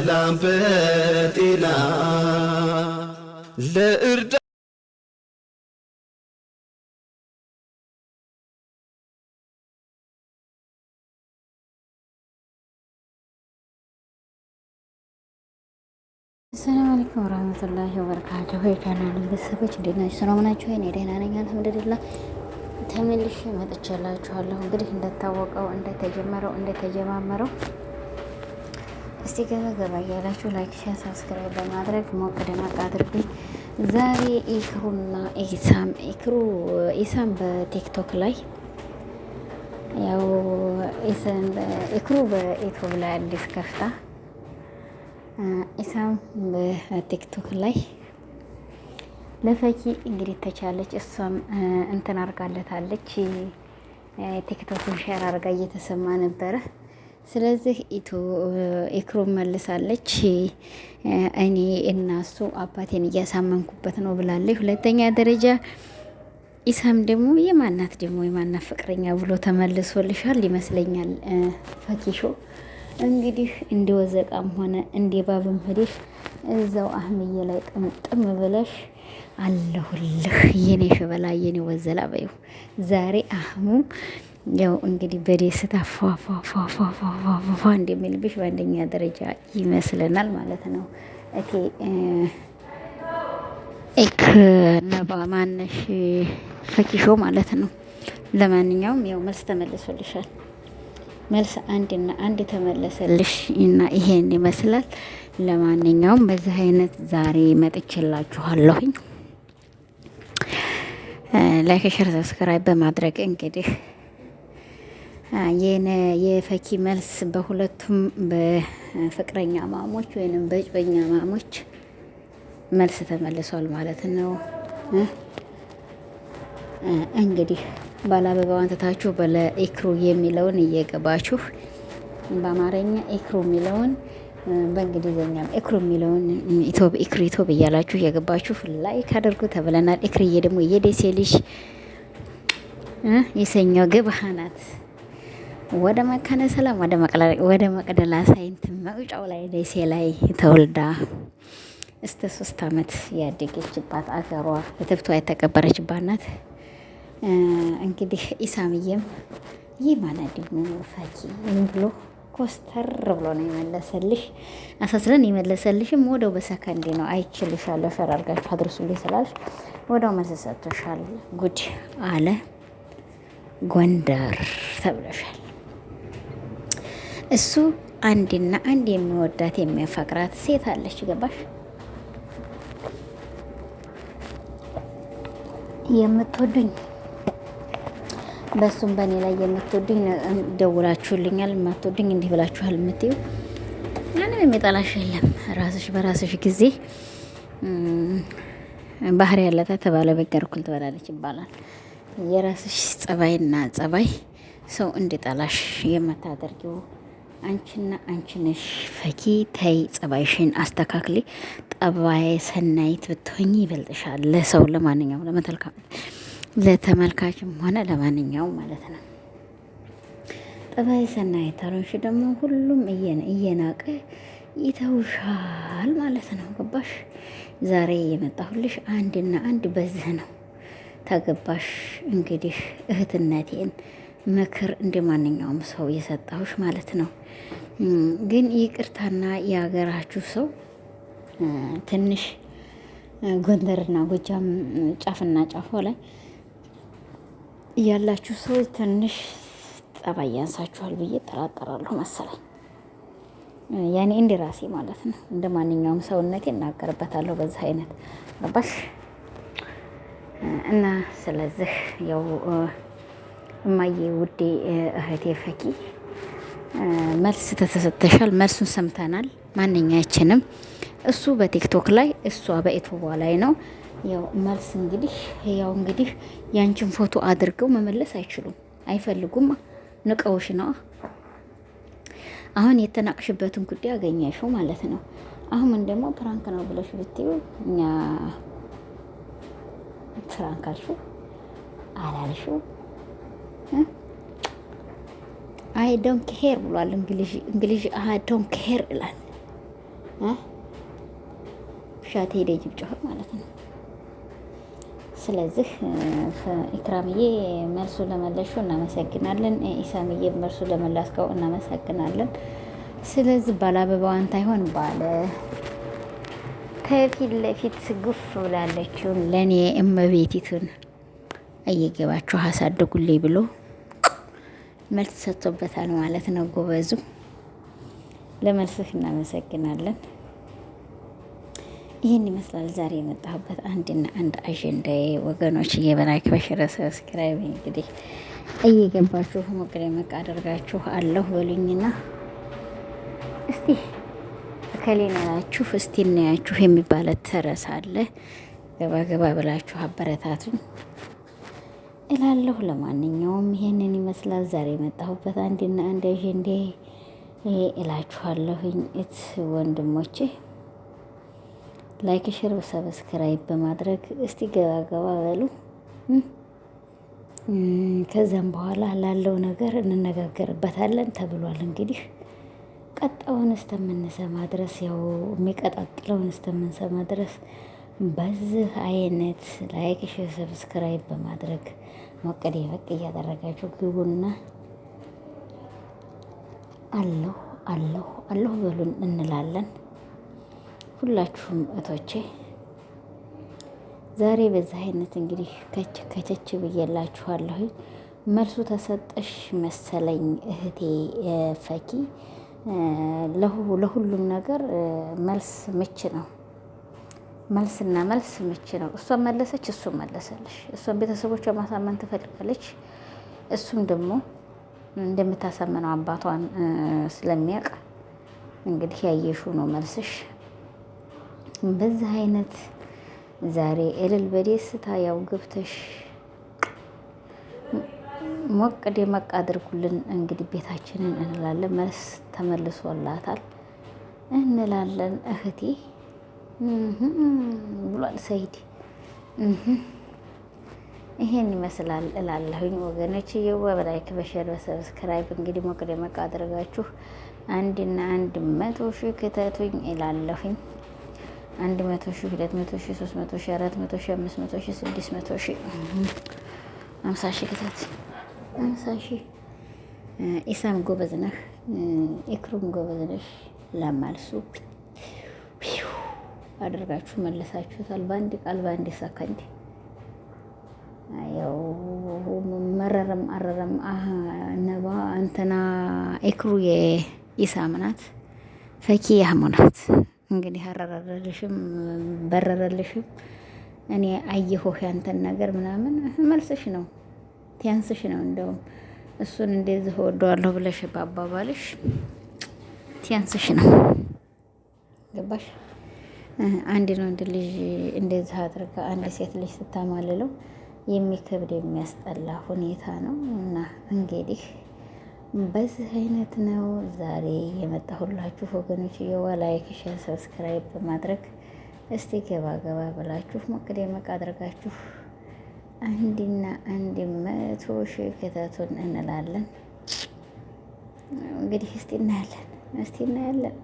በሰላም በጤና ለእርዳ ሰላም አለይኩም ወራህመቱላሂ ወበረካቱሁ። የቻናል ቤተሰቦች እንዴት ናችሁ? ሰላም ናችሁ? እኔ ደህና ነኝ አልሐምዱሊላህ። ተመልሼ መጥቼላችኋለሁ። እንግዲህ እንደታወቀው እንደተጀመረው እንደተጀማመረው እስቲ ገባ ገባ እያላችሁ ላይክ፣ ሸር፣ ሳብስክራይብ በማድረግ ሞቅ ደመቅ አድርጉኝ። ዛሬ ኢክሩና ኢሳም ኢክሩ ኢሳም በቲክቶክ ላይ ያው ኢክሩ በዩቱብ ላይ አዲስ ከፍታ ኢሳም በቲክቶክ ላይ ለፈኪ እንግዲህ ተቻለች። እሷም እንትን አርጋለታለች። ቲክቶክን ሼር አርጋ እየተሰማ ነበረ ስለዚህ ኢቱ ኤክሮም መልሳለች። እኔ እናሱ አባቴን እያሳመንኩበት ነው ብላለች። ሁለተኛ ደረጃ ኢሳም ደግሞ የማናት ደግሞ የማናት ፍቅረኛ ብሎ ተመልሶልሻል ይመስለኛል። ፈኪሾ እንግዲህ እንደ ወዘቃም ሆነ እንደ ባብም ሄደሽ እዛው አህምዬ ላይ ጥምጥም ብለሽ አለሁልህ የኔ ሸበላ የኔ ወዘላ በይሁ ዛሬ አህሙ ያው እንግዲህ በደስታ ፏፏፏፏፏፏፏፏ እንደሚልብሽ በአንደኛ ደረጃ ይመስለናል ማለት ነው። እቴ ኤክ ነባ ማነሽ ፈኪሾ ማለት ነው። ለማንኛውም ያው መልስ ተመልሶልሻል። መልስ አንድና አንድ ተመለሰልሽ እና ይሄን ይመስላል። ለማንኛውም በዚህ አይነት ዛሬ መጥቼላችኋለሁኝ። ላይክ፣ ሸር፣ ሰብስክራይብ በማድረግ እንግዲህ የፈኪ መልስ በሁለቱም በፍቅረኛ ማሞች ወይንም በጭበኛ ማሞች መልስ ተመልሷል ማለት ነው። እንግዲህ ባለአበባዋን ትታችሁ በለኢክሩ የሚለውን እየገባችሁ በአማርኛ ኢክሩ የሚለውን በእንግሊዝኛም ኢክሩ የሚለውን ኢትዮብ ኢክሩ ኢትዮብ እያላችሁ እየገባችሁ ላይክ አድርጉ ተብለናል። ኢክርዬ ደግሞ የደሴ ልጅ የሰኞ ግብሃ ናት። ወደ መካነ ሰላም ወደ መቅደላ ሳይንት መውጫው ላይ ደሴ ላይ ተወልዳ እስተ ሶስት አመት ያደገችባት አገሯ እትብቷ የተቀበረችባት ናት። እንግዲህ ኢሳምዬም ይህ ማናድኝ ፈኪ ብሎ ኮስተር ብሎ ነው የመለሰልሽ። አሳስረን የመለሰልሽም ወደው በሰከንዴ ነው። አይችልሻለሁ ሸር አድርጋችሁ አድርሱልኝ ስላልሽ ወደው መሰሰቶሻል። ጉድ አለ ጎንደር ተብለሻል። እሱ አንድና አንድ የሚወዳት የሚያፈቅራት ሴት አለች። ገባሽ? የምትወዱኝ በእሱም በእኔ ላይ የምትወዱኝ ደውላችሁልኛል፣ የማትወዱኝ እንዲህ ብላችኋል የምትዩ ምንም የሚጠላሽ የለም። ራስሽ በራስሽ ጊዜ ባህሪ ያለታ ተባለ በጋር እኩል ትበላለች ይባላል። የራስሽ ጸባይና ጸባይ ሰው እንዲጠላሽ የምታደርጊው አንቺና አንቺ ነሽ ፈኪ። ተይ ጸባይሽን አስተካክሊ። ጠባይ ሰናይት ብትሆኝ ይበልጥሻል። ለሰው ለማንኛውም ለተመልካችም ሆነ ለማንኛውም ማለት ነው። ጠባይ ሰናይት አልሆንሽ ደግሞ ሁሉም እየናቀ ይተውሻል ማለት ነው። ገባሽ? ዛሬ የመጣሁልሽ አንድና አንድ በዝህ ነው። ተገባሽ? እንግዲህ እህትነቴን ምክር እንደ ማንኛውም ሰው የሰጣሁሽ ማለት ነው። ግን ይቅርታና የሀገራችሁ ሰው ትንሽ ጎንደርና ጎጃም ጫፍና ጫፎ ላይ ያላችሁ ሰዎች ትንሽ ጠባይ ያንሳችኋል ብዬ ጠራጠራለሁ መሰለኝ። ያኔ እንደ ራሴ ማለት ነው። እንደ ማንኛውም ሰውነቴ እናገርበታለሁ በዚህ አይነት ገባሽ እና ስለዚህ ያው እማዬ ውዴ እህቴ ፈኪ መልስ ተሰጥተሻል። መልሱን ሰምተናል። ማንኛችንም እሱ በቲክቶክ ላይ እሷ በኢትዮባ ላይ ነው። ያው መልስ እንግዲህ ያው እንግዲህ ያንቺን ፎቶ አድርገው መመለስ አይችሉም፣ አይፈልጉም። ንቀውሽ ነው። አሁን የተናቅሽበትን ጉዳይ አገኘሽው ማለት ነው። አሁን ደግሞ ፕራንክ ነው ብለሽ ብትዩ እኛ ፕራንክ አልሽው አላልሽው አይ ዶንት ኬር ብሏል። እንግሊዝ እንግሊዝ አይ ዶንት ኬር ይላል። ሻት ሄደ ጅብጮህ ማለት ነው። ስለዚህ ኢክራምዬ መልሱ ለመለሹ እናመሰግናለን። ኢሳምዬ መልሱ ለመላስከው እናመሰግናለን። ስለዚህ ባለ አበባዋን ታይሆን ባለ ከፊት ለፊት ጉፍ ብላለችውን ለእኔ እመቤቲቱን እየገባችሁ አሳድጉልኝ ብሎ መልስ ሰጥቶበታል ማለት ነው። ጎበዙ ለመልስህ እናመሰግናለን። ይህን ይመስላል ዛሬ የመጣሁበት አንድና አንድ አጀንዳ ወገኖች፣ እየበላክ በሽረ ሰብስክራይብ እንግዲህ እየገባችሁ ሞቅ ደመቅ አደርጋችሁ አለሁ በሉኝና እስቲ እከሌ ናያችሁ እስቲ እናያችሁ የሚባለት ተረሳለ ገባ ገባ ብላችሁ አበረታቱኝ። እላለሁ። ለማንኛውም ይሄንን ይመስላል ዛሬ የመጣሁበት አንድና አንድ አጀንዳ እላችኋለሁኝ። እት ወንድሞቼ ላይክ፣ ሸር፣ ሰብስክራይብ በማድረግ እስቲ ገባ በሉ። ከዛም በኋላ ላለው ነገር እንነጋገርበታለን ተብሏል። እንግዲህ ቀጣውን እስተምንሰማ ድረስ ያው የሚቀጣጥለውን እስተምንሰማ ድረስ በዚህ አይነት ላይክ ሽ ሰብስክራይብ በማድረግ ሞቅ ደመቅ እያደረጋችሁ ግቡና አለሁ አለሁ አለሁ በሉን እንላለን። ሁላችሁም እቶቼ ዛሬ በዚህ አይነት እንግዲህ ከች ከቸች ብዬላችኋለሁ። መልሱ ተሰጠሽ መሰለኝ እህቴ ፈኪ። ለሁሉም ነገር መልስ ምች ነው። መልስና መልስ ምች ነው። እሷ መለሰች፣ እሱ መለሰልሽ። እሷን ቤተሰቦቿ ማሳመን ትፈልጋለች። እሱም ደግሞ እንደምታሳምነው አባቷን ስለሚያውቅ እንግዲህ ያየሹ ነው መልስሽ። በዚህ አይነት ዛሬ እልል በደስታ ያው ገብተሽ ሞቅ ደመቅ አድርጉልን እንግዲህ ቤታችንን እንላለን። መልስ ተመልሶላታል እንላለን እህቴ ብሏል ሰይድ። ይሄን ይመስላል እላለሁኝ ወገኖች፣ እየዋ በላይክ በሸር በሰብስክራይብ እንግዲህ ሞቅ ደመቅ አድርጋችሁ አንድና አንድ መቶ ሺህ ክተቱኝ እላለሁኝ። አንድ መቶ ሺህ ሁለት መቶ ሺህ ሶስት መቶ ሺህ አራት መቶ ሺህ አምስት መቶ ሺህ ስድስት መቶ ሺህ አምሳ ሺህ ክተት አምሳ ሺህ ኢሳም ጎበዝ ነህ፣ ኢክሩም ጎበዝ ነሽ ለማልሱ አድርጋችሁ መለሳችሁታል። በአንድ ቃል በአንድ ሰከንድ ያው መረረም አረረም ነባ እንትና ኤክሩ የኢሳምናት ፈኪ ያህሙ እንግዲህ አረረረልሽም በረረልሽም እኔ አየሆህ ያንተን ነገር ምናምን መልስሽ ነው ቲያንስሽ ነው። እንደውም እሱን እንደዚህ እወደዋለሁ ብለሽ ባባባልሽ ቲያንስሽ ነው። ገባሽ? አንድን ወንድ ልጅ እንደዚህ አድርጋ አንድ ሴት ልጅ ስታማልለው የሚከብድ የሚያስጠላ ሁኔታ ነው። እና እንግዲህ በዚህ አይነት ነው ዛሬ የመጣሁላችሁ ወገኖች። የዋ ላይክ፣ ሸር፣ ሰብስክራይብ በማድረግ እስቲ ገባ ገባ ብላችሁ ሞቅ ደመቅ አድርጋችሁ አንድና አንድ መቶ ሺህ ክተቱን እንላለን። እንግዲህ እስቲ እናያለን፣ እስቲ እናያለን።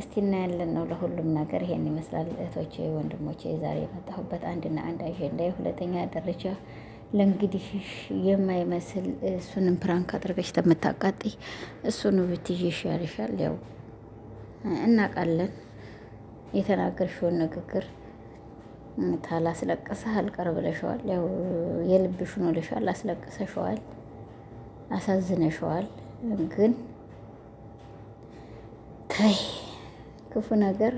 እስቲ እናያለን ነው ለሁሉም ነገር ይሄን ይመስላል። እህቶቼ ወንድሞቼ፣ ዛሬ የመጣሁበት አንድና አንድ አጀንዳ ሁለተኛ ደረጃ ለእንግዲህ የማይመስል እሱንም ፕራንክ አድርገሽ ተምታቃጢ እሱን ብትይ ይሻልሻል። ያው እናቃለን የተናገርሽውን ንግግር ታላ ታላስለቀሰህ አልቀር ብለሸዋል። ያው የልብሽን ወለሻል፣ አስለቅሰሸዋል፣ አሳዝነሸዋል ግን ተይ ክፉ ነገር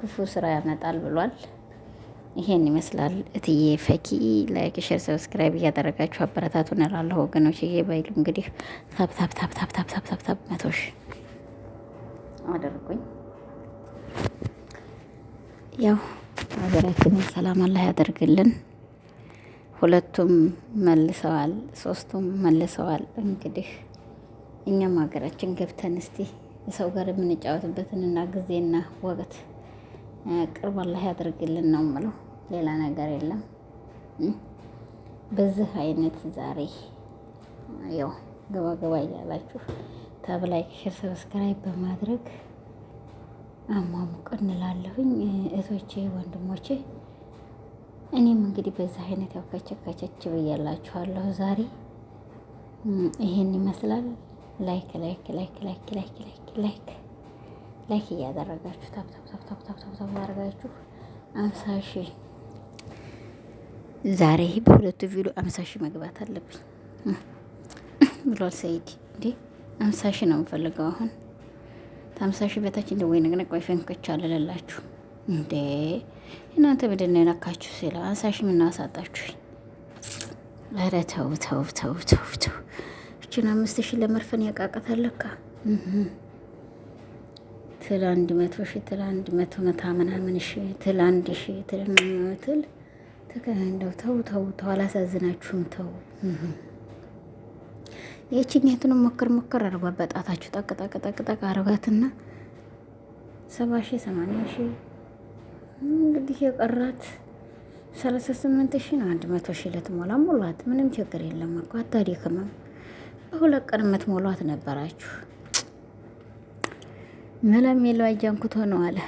ክፉ ስራ ያመጣል ብሏል። ይሄን ይመስላል እትዬ ፈኪ። ላይክ፣ ሼር፣ ሰብስክራይብ እያደረጋችሁ አበረታቱን እላለሁ ወገኖች። ይሄ ባይሉ እንግዲህ ታብታብታብታብታብታብታብ መቶ ሺ አደርጉኝ። ያው ሀገራችንን ሰላም አላህ ያደርግልን። ሁለቱም መልሰዋል፣ ሶስቱም መልሰዋል። እንግዲህ እኛም ሀገራችን ገብተን እስቲ የሰው ጋር የምንጫወትበትንና ጊዜና ወቅት ቅርብ አላህ ያደርግልን ነው የምለው። ሌላ ነገር የለም። በዚህ አይነት ዛሬ ያው ገባ ገባ እያላችሁ ታብ ላይክ፣ ሼር፣ ሰብስክራይብ በማድረግ አሟሙቅ እንላለሁኝ እህቶቼ ወንድሞቼ። እኔም እንግዲህ በዚህ አይነት ያው ከቸ ብያላችኋለሁ። ዛሬ ይሄን ይመስላል። ላይክ ላይክ ላይክ ላይክ ላይክ ላይክ ላይክ ላይክ እያደረጋችሁ ታፕ ታፕ ታፕ ታፕ ታፕ ታፕ አድርጋችሁ አምሳ ሺህ ዛሬ በሁለቱ ቪዲዮ አምሳ ሺህ መግባት አለብኝ ብሏል ሰይድ። እንዴ አምሳ ሺህ ነው የምፈልገው አሁን ከአምሳ ሺህ በታች እንደ ወይ ነቅነቅ ወይ ፈንክች አልለላችሁ እንዴ እናንተ ምንድን ነው የነካችሁ? ስለ አምሳ ሺህ ምናሳጣችሁ? ኧረ ተው ተው ተው ተው ተው። እችን አምስት ሺህ ለመርፈን ያቃቀታል ለካ ትል አንድ መቶ ሺ ትል አንድ መቶ መታ ምናምን ሺ ትል አንድ ሺ ትል ትል ተከንደው ተው ተው ተው፣ አላሳዝናችሁም ተው። የችኛቱንም ሞክር ሞክር አርጓ በጣታችሁ ጠቅ ጠቅ ጠቅ ጠቅ አርጓትና ሰባ ሺ ሰማንያ ሺ እንግዲህ የቀራት ሰላሳ ስምንት ሺ ነው። አንድ መቶ ሺ ልትሞላ ሙሏት። ምንም ችግር የለም እኮ አታዲክምም። በሁለት ቀን የምትሞሏት ነበራችሁ። መለም የለው አጃንኩት ሆነው አለ።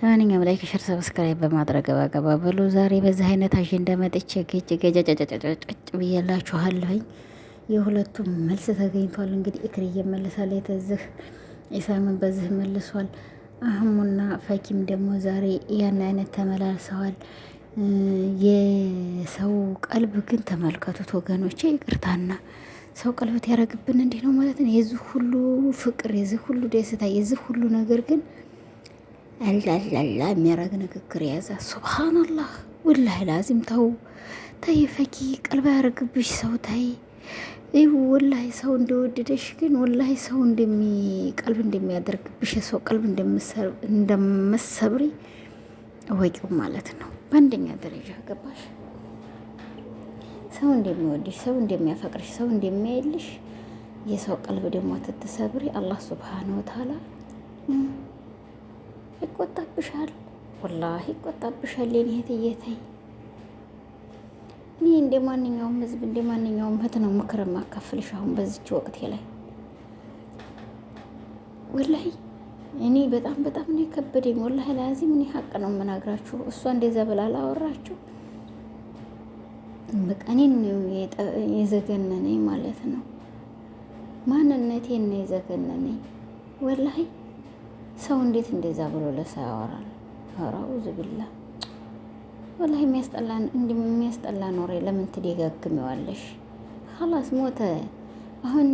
ለማንኛውም ላይክ፣ ሸር፣ ሰብስክራይብ በማድረግ ገባገባ በሉ። ዛሬ በዚህ አይነት አጀንዳ መጥቼ ገጭ ገጫጫጫጫጫጭ ብዬላችኋለሁኝ። የሁለቱም መልስ ተገኝቷል። እንግዲህ እክርዬ መልሳል፣ የተዝህ ኢሳምን በዚህ መልሷል። አህሙና ፈኪም ደግሞ ዛሬ ያን አይነት ተመላልሰዋል። የሰው ቀልብ ግን ተመልከቱት ወገኖቼ፣ ይቅርታና ሰው ቀልበት ያደረግብን እንዲህ ነው ማለት ነው። የዚህ ሁሉ ፍቅር፣ የዚህ ሁሉ ደስታ፣ የዚህ ሁሉ ነገር ግን አላላላ የሚያደረግ ንግግር የያዛ ሱብሃናላህ፣ ወላሂ ላዚም ተው ተይ ፈኪ፣ ቀልብ ያደረግብሽ ሰው ታይ። ይህ ወላሂ ሰው እንደወደደሽ ግን ወላሂ ሰው ቀልብ እንደሚያደርግብሽ የሰው ቀልብ እንደመሰብሪ እወቂው ማለት ነው። በአንደኛ ደረጃ ገባሽ? ሰው እንደሚወድሽ፣ ሰው እንደሚያፈቅርሽ፣ ሰው እንደሚያይልሽ የሰው ቀልብ ደግሞ ትትሰብሪ አላህ ስብሓን ወተዓላ ይቆጣብሻል። ወላሂ ይቆጣብሻል። የኔ እህትዬ እኔ እንደ ማንኛውም ህዝብ እንደ ማንኛውም እህት ነው ምክር ማካፍልሽ አሁን በዚች ወቅቴ ላይ ወላሂ እኔ በጣም በጣም ነው የከበደኝ። ወላሂ ለአዚም እኔ ሀቅ ነው የምናግራችሁ። እሷ እንደዛ ብላ ላወራችሁ በቃ ነው የዘገነነኝ ማለት ነው። ማንነቴን ነው የዘገነነኝ። ወላሂ ሰው እንዴት እንደዛ ብሎ ለሰው ያወራል? አውዝ ቢላ ወላሂ የሚያስጠላ ኖሬ ለምን ትደጋግሚዋለሽ? ሀላስ ሞተ አሁን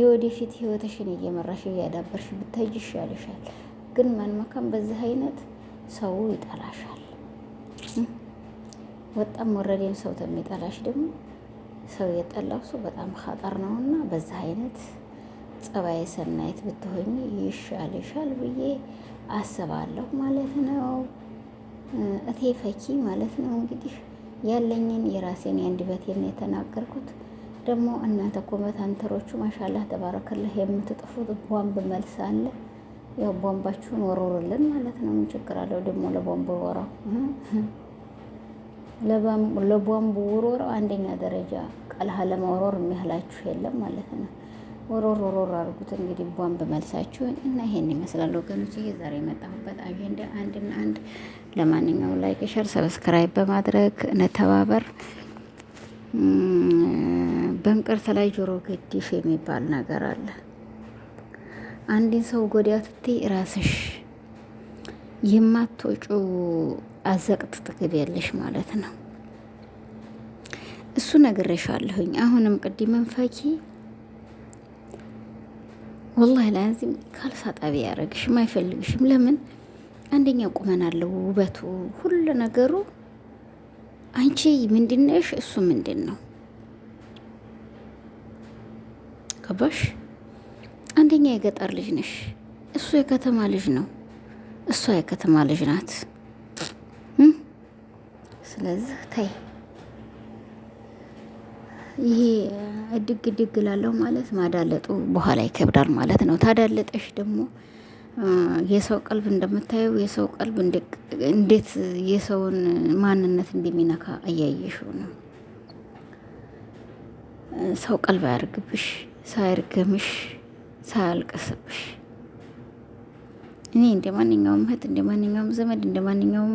የወደፊት ህይወትሽን እየመራሽ እያዳበርሽ ብታይ ይሻልሻል። ግን ማንመካም በዚህ አይነት ሰው ይጠላሻል። ወጣም ወረዴን ሰው ተሚጠላሽ ደግሞ ሰው የጠላው ሰው በጣም ኸጠር ነውና በዚህ አይነት ጸባይ ሰናይት ብትሆኝ ይሻልሻል ብዬ አስባለሁ ማለት ነው። እቴ ፈኪ ማለት ነው እንግዲህ ያለኝን የራሴን የአንድ በቴን የተናገርኩት ደግሞ እናንተ ኮመንታተሮቹ ማሻላህ ተባረከላህ የምትጥፉት ቦምብ መልስ አለ። ያው ቧንባችሁን ወርውሩልን ማለት ነው። ምን ችግር አለው ደግሞ ለቦምብ ወራው ለቧንቡ ውርወራው አንደኛ ደረጃ ቀልሃ ለመውረር የሚያህላችሁ የለም ማለት ነው። ወሮር ወሮር አድርጉት እንግዲህ ቧንብ መልሳችሁን እና ይሄን ይመስላል ወገኖች። ይሄ ዛሬ የመጣሁበት አጀንዳ አንድና አንድ። ለማንኛውም ላይክ፣ ሸር፣ ሰብስክራይብ በማድረግ እንተባበር። በእንቅርት ላይ ጆሮ ገዲፍ የሚባል ነገር አለ። አንድን ሰው ጎዳ ትቴ ራስሽ የማትወጩ አዘቅት ትገቢያለሽ ማለት ነው። እሱ ነግሬሻለሁኝ። አሁንም ቅድምም ፈኪ ወላሂ ላዚም ካልሳ ጣቢ ያደረግሽም አይፈልግሽም። ለምን? አንደኛ አለው ውበቱ፣ ሁሉ ነገሩ አንቺ ምንድነሽ? እሱ ምንድን ነው? ገባሽ? አንደኛ የገጠር ልጅ ነሽ፣ እሱ የከተማ ልጅ ነው፣ እሷ የከተማ ልጅ ናት። ስለዚህ ተይ፣ ይሄ እድግ እድግ ላለው ማለት ማዳለጡ በኋላ ይከብዳል ማለት ነው። ታዳለጠሽ ደግሞ የሰው ቀልብ እንደምታየው የሰው ቀልብ እንዴት የሰውን ማንነት እንደሚነካ እያየሽው ነው። ሰው ቀልብ አያርግብሽ፣ ሳያርገምሽ፣ ሳያልቀስብሽ እኔ እንደ ማንኛውም እህት እንደ ማንኛውም ዘመድ እንደ ማንኛውም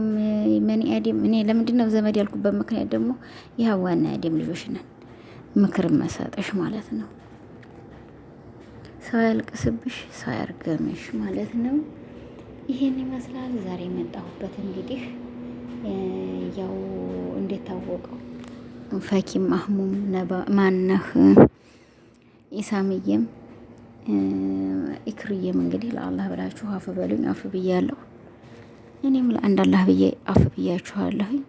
መኒ አዴም እኔ ለምንድን ነው ዘመድ ያልኩበት ምክንያት ደግሞ የሀዋና አዴም ልጆች ነን። ምክር መሰጠሽ ማለት ነው። ሰው ያልቅስብሽ ሰው ያርገምሽ ማለት ነው። ይሄን ይመስላል ዛሬ የመጣሁበት እንግዲህ ያው እንደታወቀው ፈኪም አህሙም ማነህ ኢሳምዬም ኢክርዬም እንግዲህ ለአላህ ብላችሁ አፍ በሉኝ አፍ ብያለሁ። እኔም ለአንድ አላህ ብዬ አፍ ብያችኋለሁኝ።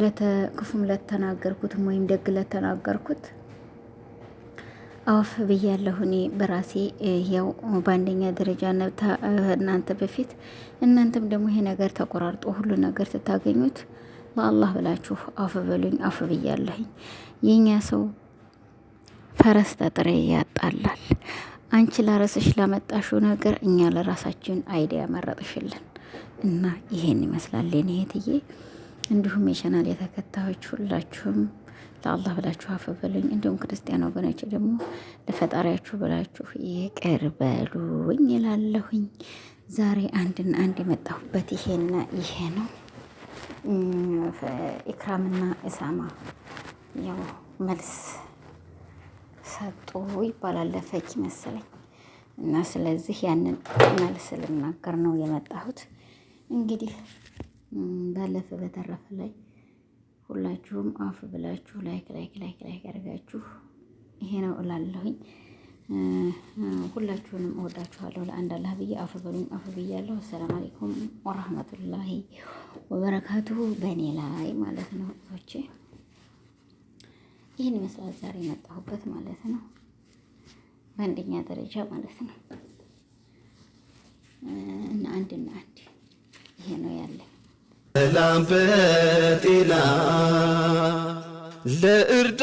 ለተክፉም ለተናገርኩትም ወይም ደግ ለተናገርኩት አውፍ ብያለሁ እኔ በራሴ ያው በአንደኛ ደረጃ ነብታ እናንተ በፊት እናንተም ደግሞ ይሄ ነገር ተቆራርጦ ሁሉ ነገር ስታገኙት በአላህ ብላችሁ አውፍ በሉኝ። አውፍ ብያለሁኝ። የእኛ ሰው ፈረስ ተጥሬ ያጣላል። አንቺ ለራስሽ ላመጣሽው ነገር እኛ ለራሳችን አይዲያ መረጥሽልን እና ይሄን ይመስላል እኔ እህትዬ፣ እንዲሁም የቻናል የተከታዮች ሁላችሁም ለአላህ ብላችሁ አፍ በሉኝ። እንዲሁም ክርስቲያን ወገኖች ደግሞ ለፈጣሪያችሁ ብላችሁ ይቅር በሉኝ ይላለሁኝ። ዛሬ አንድና አንድ የመጣሁበት ይሄና ይሄ ነው። ኢክራምና እሳማ ያው መልስ ሰጡ ይባላል ለፈኪ መሰለኝ እና ስለዚህ ያንን መልስ ልናገር ነው የመጣሁት። እንግዲህ ባለፈ በተረፈ ላይ ሁላችሁም አፍ ብላችሁ ላይክ ላይክ ላይክ ላይክ አድርጋችሁ ይሄ ነው እላለሁኝ። ሁላችሁንም እወዳችኋለሁ። ለአንድ አላህ ብዬ አፍ በሉኝ፣ አፍ ብያለሁ። አሰላም አለይኩም ወራህመቱላሂ ወበረካቱሁ በእኔ ላይ ማለት ነው እቶቼ ይህን ይመስላል ዛሬ የመጣሁበት ማለት ነው። በአንደኛ ደረጃ ማለት ነው እና አንድና አንድ ይሄ ነው ያለኝ። ሰላም በጤና ለእርዳ